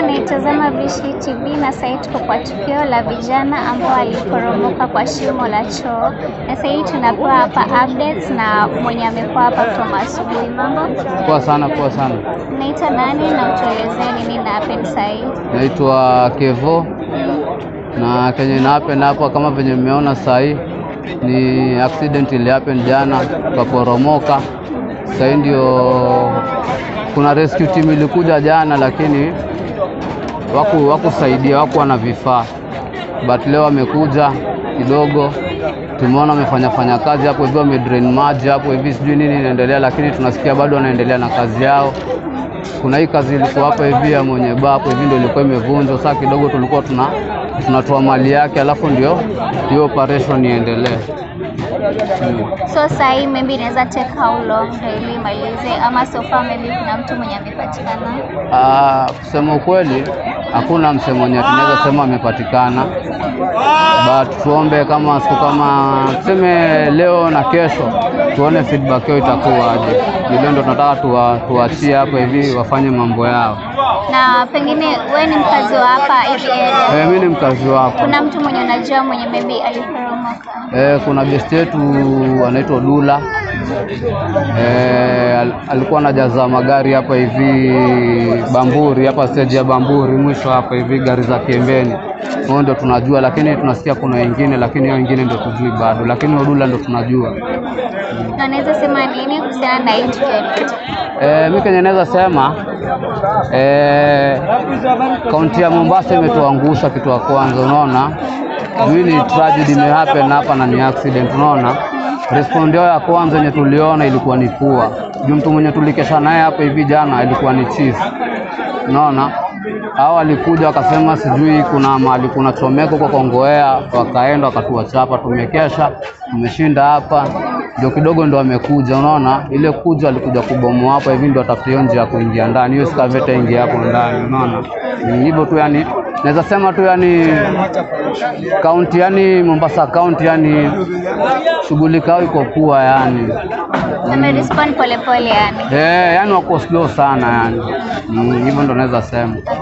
Leo naitazama Vishi TV na Saitco kwa tukio la vijana ambao waliporomoka kwa shimo la choo, na sasa hii tunapewa hapa updates na mwenye amekuwa hapa kutoka asubuhi. Mambo poa sana, poa sana. Naita nani na utuelezee nini na happen sasa Naitwa Kevo mm. na kenye na happen hapa kama venye mmeona sasa ni accident ile happen jana kaporomoka Sasa ndio kuna rescue team ilikuja jana lakini waku wakusaidia waku wana vifaa, but leo wamekuja kidogo, tumeona wamefanya fanya kazi hapo hivi, wamedrain maji hapo hivi, sijui nini inaendelea, lakini tunasikia bado wanaendelea na kazi yao. Kuna hii kazi ilikuwa hapa hivi ya mwenye baa hapo hivi, ndio ilikuwa imevunjwa. Saa kidogo tulikuwa tuna tunatoa mali yake, alafu ndio hiyo operation iendelee so sai maybe inaweza take how long ili malize ama so far maybe kuna mtu mwenye amepatikana? Ah, kusema ukweli hakuna msemo mwenye tunaweza sema amepatikana, but tuombe kama siku kama tuseme leo na kesho, tuone feedback yao itakuwaje. Ndio ndo tunataka tuwaachie hapa hivi wafanye mambo yao. Na pengine we ni mkazi wa hapa hivi area? Eh? eh, mimi ni mkazi wa hapa. Kuna mtu mwenye unajua mwenye maybe aliporomoka? Eh, kuna besti yetu anaitwa Dula e, eh, alikuwa anajaza magari hapa hivi Bamburi, hapa stage ya Bamburi mwisho hapa hivi, gari za pembeni huyo ndio tunajua, lakini tunasikia kuna wengine, lakini hao wengine ndio tujui bado, lakini Odula ndio tunajua. Anaweza sema nini kuhusiana na hii tukio? Eh, mimi kenye naweza sema eh, kaunti ya Mombasa imetuangusha kitu ya kwanza, unaona really tragedy happen hapa na ni accident. Unaona, respond yao ya kwanza yenye tuliona ilikuwa ni pua juu, mtu mwenye tulikesha naye hapo hivi jana ilikuwa ni chief. Unaona, hao walikuja wakasema sijui kuna mahali kuna chomeko kwa Kongowea, wakaenda wakatuachapa, tumekesha tumeshinda hapa ndio kidogo ndo amekuja, unaona ile kuja alikuja kubomoa hapa hivi, ndio atafute njia ya kuingia ndani, hiyo skaveta ingia hapo ndani, unaona hivyo tu yani naweza sema tu yani kaunti yani Mombasa kaunti yani shughuli kao iko poa yani wamerespond polepole yani eh, yani wako slow sana yani mm, hivyo, mm, ndo naweza sema.